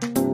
Thank you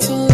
Betty.